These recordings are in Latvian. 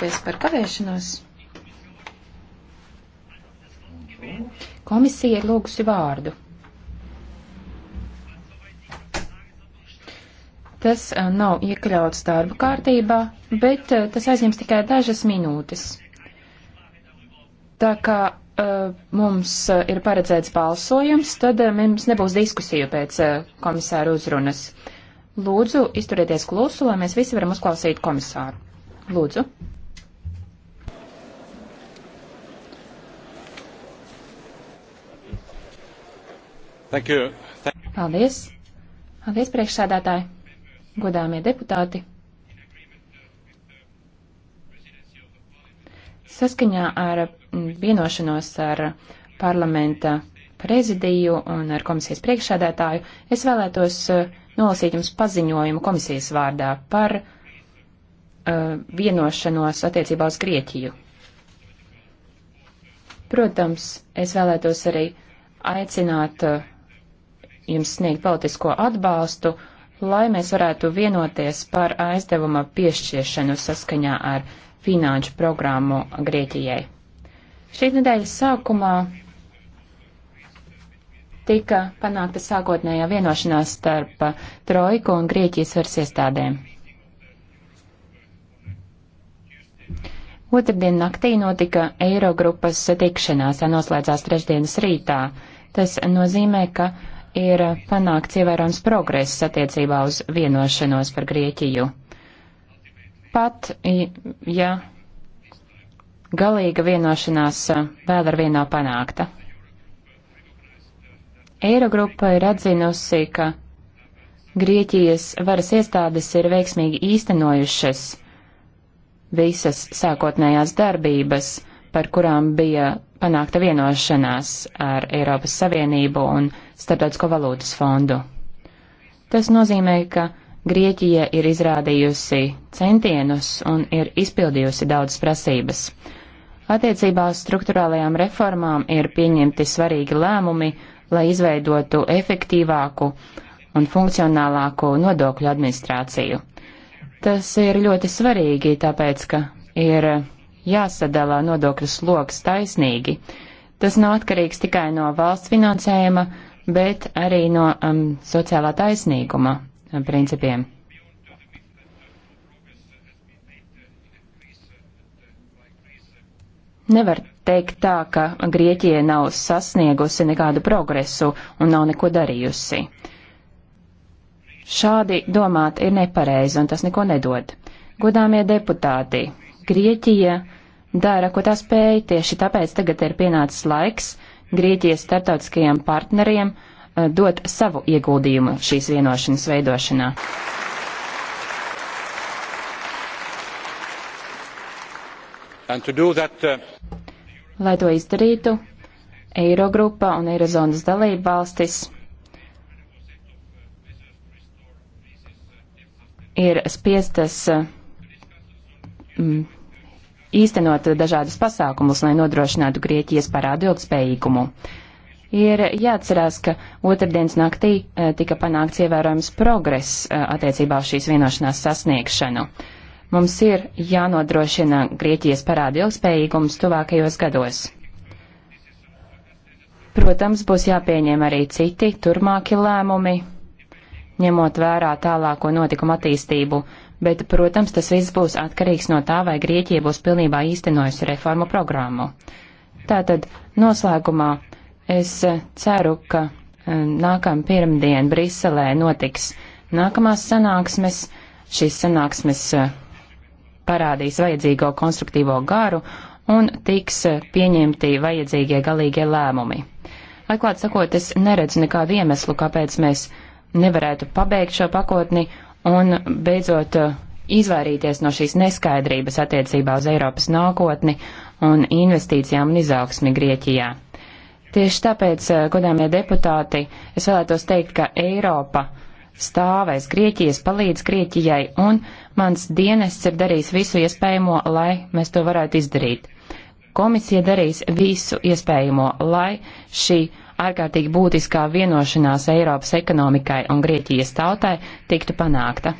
atvainoties par kavēšanos. Komisija ir lūgusi vārdu. Tas eh, nav iekļauts darba kārtībā, bet eh, tas aizņems tikai dažas minūtes. Tā kā uh, mums ir paredzēts balsojums, tad uh, mums nebūs diskusija pēc uh, komisāra uzrunas. Lūdzu, izturieties klusu, lai mēs visi varam uzklausīt komisāru. Lūdzu. Thank you. Thank you. Paldies. Paldies, priekšsēdētāji, godāmie deputāti. Saskaņā ar vienošanos ar parlamenta prezidiju un ar komisijas priekšsēdētāju, es vēlētos e, nolasīt jums paziņojumu komisijas vārdā par uh, vienošanos attiecībā uz Grieķiju. Protams, es vēlētos arī aicināt uh, jums sniegt politisko atbalstu, lai mēs varētu vienoties par aizdevuma piešķiešanu saskaņā ar finanšu programmu Grieķijai. Šī nedēļas sākumā tika panākta sākotnējā vienošanās starp Trojku un Grieķijas varas iestādēm. Otradien naktī notika Eirogrupas tikšanās, tā noslēdzās trešdienas rītā. Tas nozīmē, ka uh, ir panākts ievērojams progress attiecībā uz vienošanos par Grieķiju. Pat, ja galīga vienošanās vēl ar vienu nav panākta. Eirogrupa ir atzinusi, ka Grieķijas varas iestādes ir veiksmīgi īstenojušas visas sākotnējās darbības, par kurām bija panākta vienošanās ar Eiropas Savienību un Starptautisko valūtas fondu. Tas nozīmē, ka Grieķija ir izrādījusi centienus un ir izpildījusi daudzas prasības. Attiecībā uz struktūrālajām reformām ir pieņemti svarīgi lēmumi, lai izveidotu efektīvāku un funkcionālāku nodokļu administrāciju. Tas ir ļoti svarīgi, tāpēc, ka ir jāsadalā nodokļu sloks taisnīgi. Tas nav atkarīgs tikai no valsts finansējuma, bet arī no um, sociālā taisnīguma um, principiem. Nevar teikt tā, ka Grieķija nav sasniegusi nekādu progresu un nav neko darījusi. Šādi domāt ir nepareizi un tas neko nedod. Godāmie deputāti, Grieķija dara, ko tā spēja, tieši tāpēc tagad ir pienācis laiks Grieķijas starptautiskajiem partneriem eh, dot savu ieguldījumu šīs vienošanas veidošanā. That, uh... Lai to izdarītu, Eirogrupa un Eirozonas dalība valstis ir spiestas mm, īstenot dažādus pasākumus, lai nodrošinātu Grieķijas parādu ilgspējīgumu. Ir jāatcerās, ka otrdienas naktī e, tika panākts ievērojams progress e, attiecībā uz šīs vienošanās sasniegšanu. Mums ir jānodrošina Grieķijas parādu ilgspējīgums tuvākajos gados. Protams, būs jāpieņem arī citi turmāki lēmumi, ņemot vērā tālāko notikumu attīstību bet, protams, tas viss būs atkarīgs no tā, vai Grieķija būs pilnībā īstenojusi reformu programmu. Tātad, noslēgumā es eh, ceru, ka eh, nākamā pirmdiena Briselē notiks nākamās sanāksmes. Šīs sanāksmes eh, parādīs vajadzīgo konstruktīvo garu un tiks pieņemti vajadzīgie galīgie lēmumi. Atklāt sakot, es neredzu nekādu iemeslu, kāpēc mēs nevarētu pabeigt šo pakotni un beidzot eh, izvairīties no šīs neskaidrības attiecībā uz Eiropas nākotni un investīcijām un izaugsmi Grieķijā. Tieši tāpēc, eh, godāmie deputāti, es vēlētos teikt, ka Eiropa stāvēs Grieķijas, palīdz Grieķijai, un mans dienests ir darījis visu iespējamo, lai mēs to varētu izdarīt. Komisija darīs visu iespējamo, lai šī ārkārtīgi būtiskā vienošanās Eiropas ekonomikai un Grieķijas tautai tiktu panākta.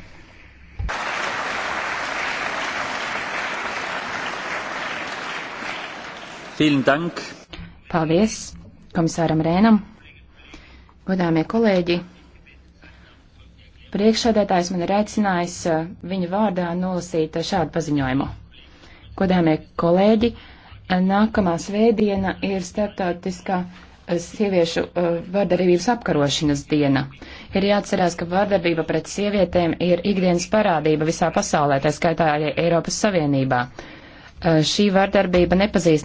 Paldies komisāram Rēnam. Godāmie kolēģi, priekšsēdētājs man ir aicinājis uh, viņa vārdā nolasīt uh, šādu paziņojumu. Godāmie kolēģi, uh, nākamā svētdiena ir starptautiskā sieviešu eh, vardarbības apkarošanas diena. Ir jāatcerās, ka vardarbība pret sievietēm ir ikdienas parādība visā pasaulē, tā skaitā arī Eiropas Savienībā. Eh, šī vardarbība nepazīst